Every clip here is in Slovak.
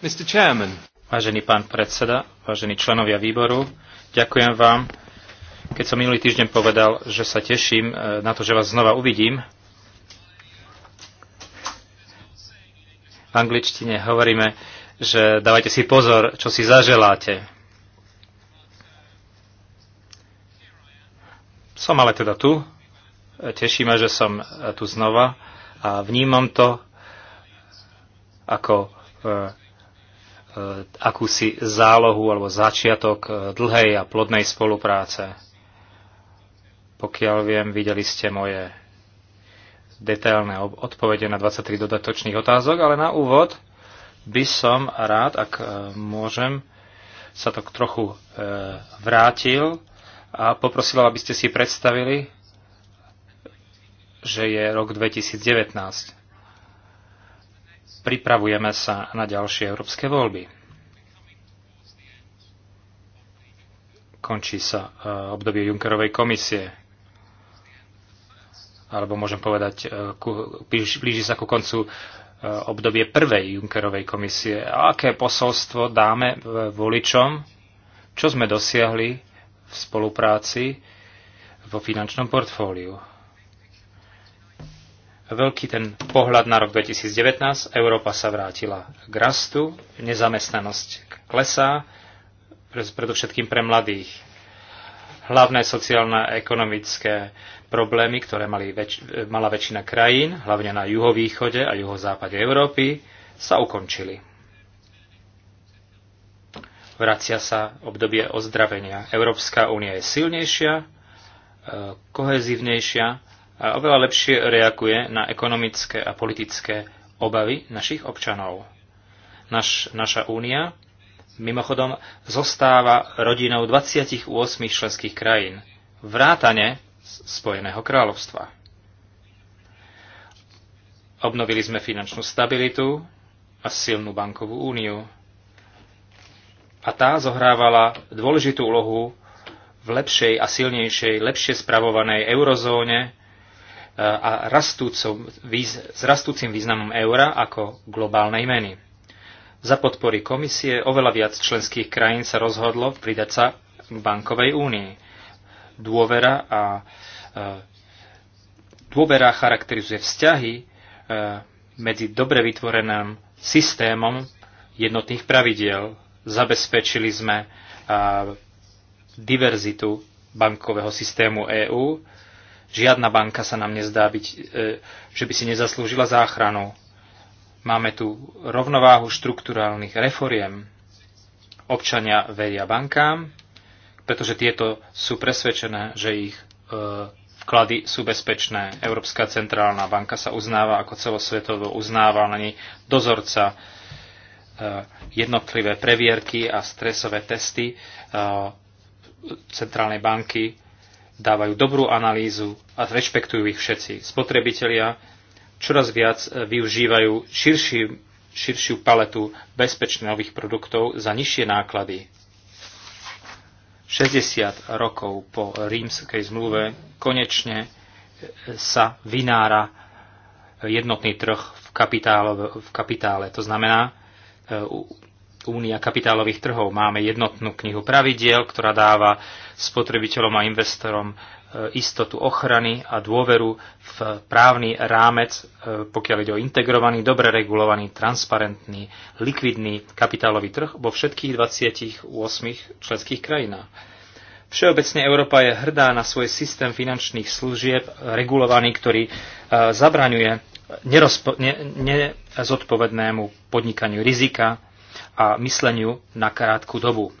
Mr. Chairman. Vážený pán predseda, vážení členovia výboru, ďakujem vám. Keď som minulý týždeň povedal, že sa teším e, na to, že vás znova uvidím, v angličtine hovoríme, že dávajte si pozor, čo si zaželáte. Som ale teda tu. Teší ma, že som e, tu znova a vnímam to ako e, E, akúsi zálohu alebo začiatok e, dlhej a plodnej spolupráce. Pokiaľ viem, videli ste moje detailné odpovede na 23 dodatočných otázok, ale na úvod by som rád, ak e, môžem, sa to trochu vrátil a poprosil, aby ste si predstavili, že je rok 2019 pripravujeme sa na ďalšie európske voľby. Končí sa e, obdobie Junckerovej komisie. Alebo môžem povedať, e, blíži sa ku koncu e, obdobie prvej Junckerovej komisie. A aké posolstvo dáme voličom? Čo sme dosiahli v spolupráci vo finančnom portfóliu? veľký ten pohľad na rok 2019. Európa sa vrátila k rastu, nezamestnanosť klesá, predovšetkým pre mladých. Hlavné sociálne a ekonomické problémy, ktoré mali väč- mala väčšina krajín, hlavne na juhovýchode a juhozápade Európy, sa ukončili. Vracia sa obdobie ozdravenia. Európska únia je silnejšia, e, kohezívnejšia, a oveľa lepšie reaguje na ekonomické a politické obavy našich občanov. Naš, naša únia mimochodom zostáva rodinou 28 členských krajín, vrátane Spojeného kráľovstva. Obnovili sme finančnú stabilitu a silnú bankovú úniu. A tá zohrávala dôležitú úlohu v lepšej a silnejšej, lepšie spravovanej eurozóne a s rastúcim významom eura ako globálnej meny. Za podpory komisie oveľa viac členských krajín sa rozhodlo pridať sa k bankovej únii. Dôvera a e, dôvera charakterizuje vzťahy e, medzi dobre vytvoreným systémom jednotných pravidiel. Zabezpečili sme diverzitu bankového systému EÚ, Žiadna banka sa nám nezdá byť, e, že by si nezaslúžila záchranu. Máme tu rovnováhu štruktúrálnych reforiem. Občania veria bankám, pretože tieto sú presvedčené, že ich e, vklady sú bezpečné. Európska centrálna banka sa uznáva ako celosvetovo uznávaný dozorca e, jednotlivé previerky a stresové testy centrálnej banky dávajú dobrú analýzu a rešpektujú ich všetci. Spotrebitelia čoraz viac e, využívajú širší, širšiu paletu bezpečných nových produktov za nižšie náklady. 60 rokov po rímskej zmluve konečne e, sa vynára jednotný trh v, v kapitále. To znamená, e, únia kapitálových trhov. Máme jednotnú knihu pravidiel, ktorá dáva spotrebiteľom a investorom e, istotu ochrany a dôveru v právny rámec, e, pokiaľ ide o integrovaný, dobre regulovaný, transparentný, likvidný kapitálový trh vo všetkých 28 členských krajinách. Všeobecne Európa je hrdá na svoj systém finančných služieb regulovaný, ktorý e, zabraňuje nezodpovednému podnikaniu rizika, a mysleniu na krátku dobu.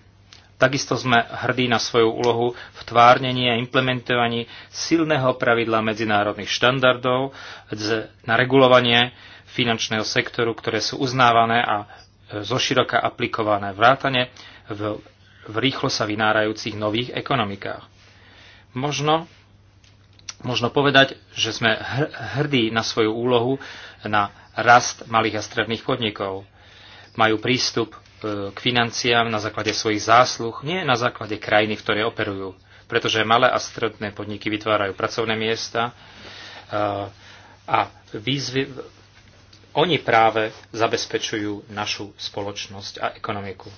Takisto sme hrdí na svoju úlohu v tvárnení a implementovaní silného pravidla medzinárodných štandardov na regulovanie finančného sektoru, ktoré sú uznávané a e, zoširoka aplikované vrátane v, v rýchlo sa vynárajúcich nových ekonomikách. Možno, možno povedať, že sme hrdí na svoju úlohu na rast malých a stredných podnikov majú prístup e, k financiám na základe svojich zásluh, nie na základe krajiny, v ktorej operujú. Pretože malé a stredné podniky vytvárajú pracovné miesta e, a výzvy, oni práve zabezpečujú našu spoločnosť a ekonomiku.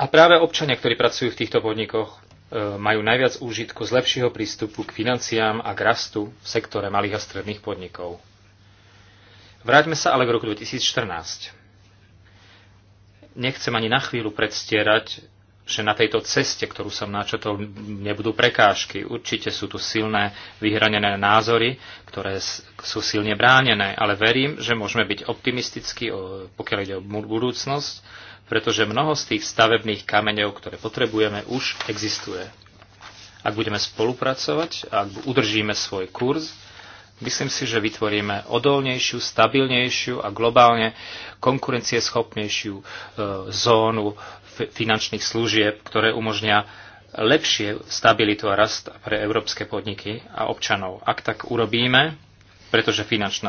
A práve občania, ktorí pracujú v týchto podnikoch, e, majú najviac úžitku z lepšieho prístupu k financiám a k rastu v sektore malých a stredných podnikov. Vráťme sa ale k roku 2014. Nechcem ani na chvíľu predstierať, že na tejto ceste, ktorú som načetol, nebudú prekážky. Určite sú tu silné vyhranené názory, ktoré sú silne bránené, ale verím, že môžeme byť optimistickí, pokiaľ ide o budúcnosť, pretože mnoho z tých stavebných kameňov, ktoré potrebujeme, už existuje. Ak budeme spolupracovať, ak udržíme svoj kurz, Myslím si, že vytvoríme odolnejšiu, stabilnejšiu a globálne konkurencieschopnejšiu e, zónu finančných služieb, ktoré umožnia lepšie stabilitu a rast pre európske podniky a občanov. Ak tak urobíme, pretože finančná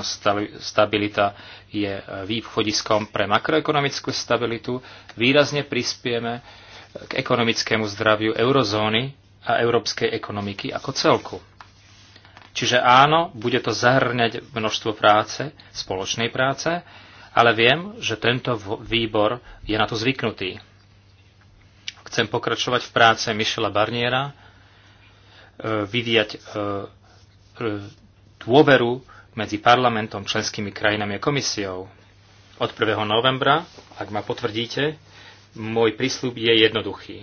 stabilita je východiskom pre makroekonomickú stabilitu, výrazne prispieme k ekonomickému zdraviu eurozóny a európskej ekonomiky ako celku. Čiže áno, bude to zahrňať množstvo práce, spoločnej práce, ale viem, že tento výbor je na to zvyknutý. Chcem pokračovať v práce Michela Barniera, e, vyvíjať e, e, dôveru medzi parlamentom, členskými krajinami a komisiou. Od 1. novembra, ak ma potvrdíte, môj prísľub je jednoduchý.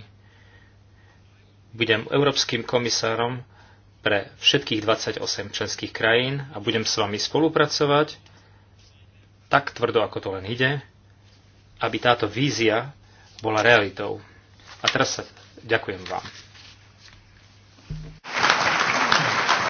Budem európskym komisárom, pre všetkých 28 členských krajín a budem s vami spolupracovať tak tvrdo, ako to len ide, aby táto vízia bola realitou. A teraz sa ďakujem vám.